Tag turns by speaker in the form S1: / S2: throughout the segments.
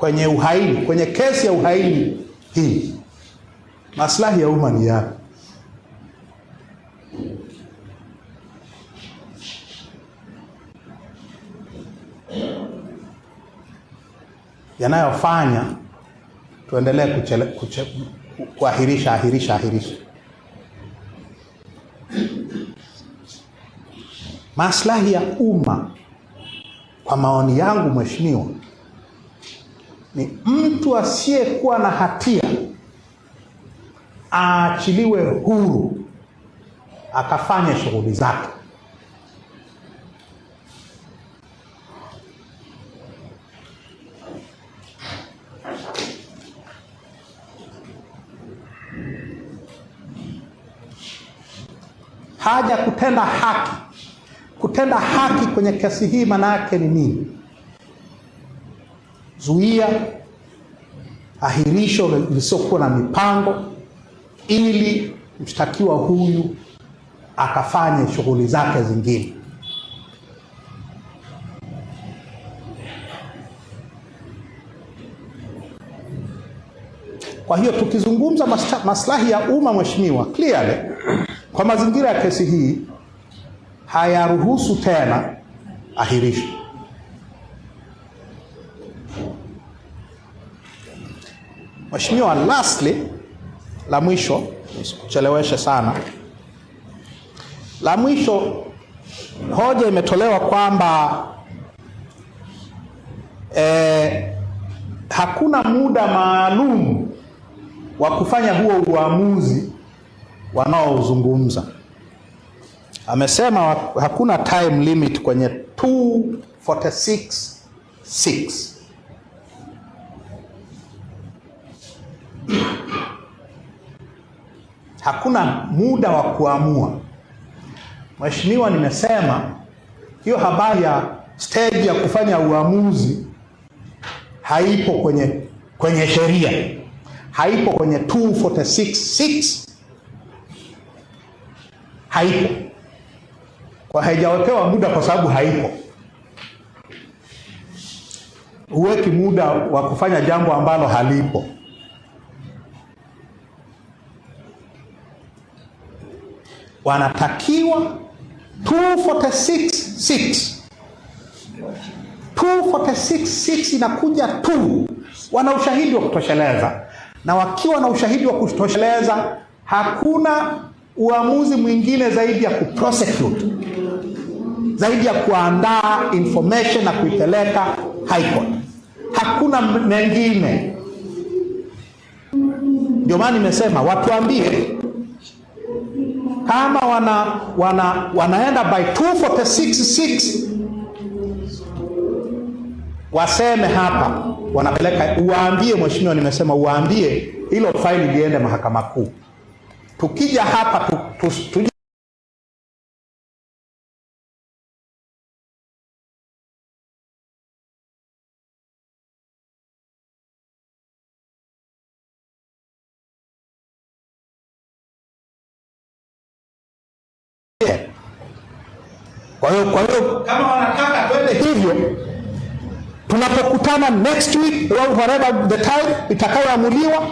S1: kwenye uhaini, kwenye kesi ya uhaini hii, maslahi ya umma ni yapi? yanayofanya tuendelee kuchele, kuche, kuahirisha ahirisha ahirisha. Maslahi ya umma kwa maoni yangu, mheshimiwa, ni mtu asiyekuwa na hatia aachiliwe huru akafanye shughuli zake. Haja kutenda haki. Kutenda haki kwenye kesi hii maana yake ni nini? zuia ahirisho lisiokuwa na mipango, ili mshtakiwa huyu akafanye shughuli zake zingine. Kwa hiyo tukizungumza maslahi ya umma, mheshimiwa, clearly kwa mazingira ya kesi hii hayaruhusu tena ahirisho. Mheshimiwa, lastly, la mwisho, nisikucheleweshe sana, la mwisho, hoja imetolewa kwamba eh, hakuna muda maalum wa kufanya huo uamuzi wanaozungumza. Amesema hakuna time limit kwenye 246.6 hakuna muda wa kuamua. Mheshimiwa, nimesema hiyo habari ya stage ya kufanya uamuzi haipo kwenye kwenye sheria, haipo kwenye 246.6 haipo, kwa haijawekewa muda kwa sababu haipo. Huweki muda wa kufanya jambo ambalo halipo. wanatakiwa 246 246 inakuja tu, wana ushahidi wa kutosheleza, na wakiwa na ushahidi wa kutosheleza, hakuna uamuzi mwingine zaidi ya kuprosecute, zaidi ya kuandaa information na kuipeleka high court. Hakuna mengine. Ndio maana nimesema watuambie ama wana, wana, wanaenda by 2466 waseme hapa, wanapeleka uwaambie, mheshimiwa, nimesema uwaambie hilo faili liende mahakama kuu. Tukija hapa tu, tu, tu, Kwa hiyo kwa hiyo kama wanataka twende hivyo, tunapokutana next week au whatever the time itakayoamuliwa,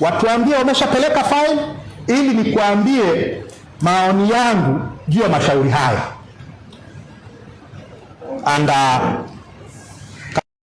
S1: watuambie wameshapeleka file, ili nikuambie maoni yangu juu ya mashauri haya and uh,